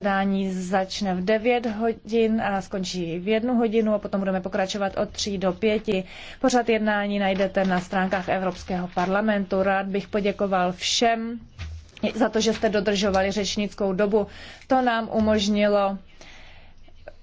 Zasedání začne v 9 hodin a skončí v 1 hodinu a potom budeme pokračovat od 3 do 5. Pořad jednání najdete na stránkách Evropského parlamentu. Rád bych poděkoval všem za to, že jste dodržovali řečnickou dobu. To nám umožnilo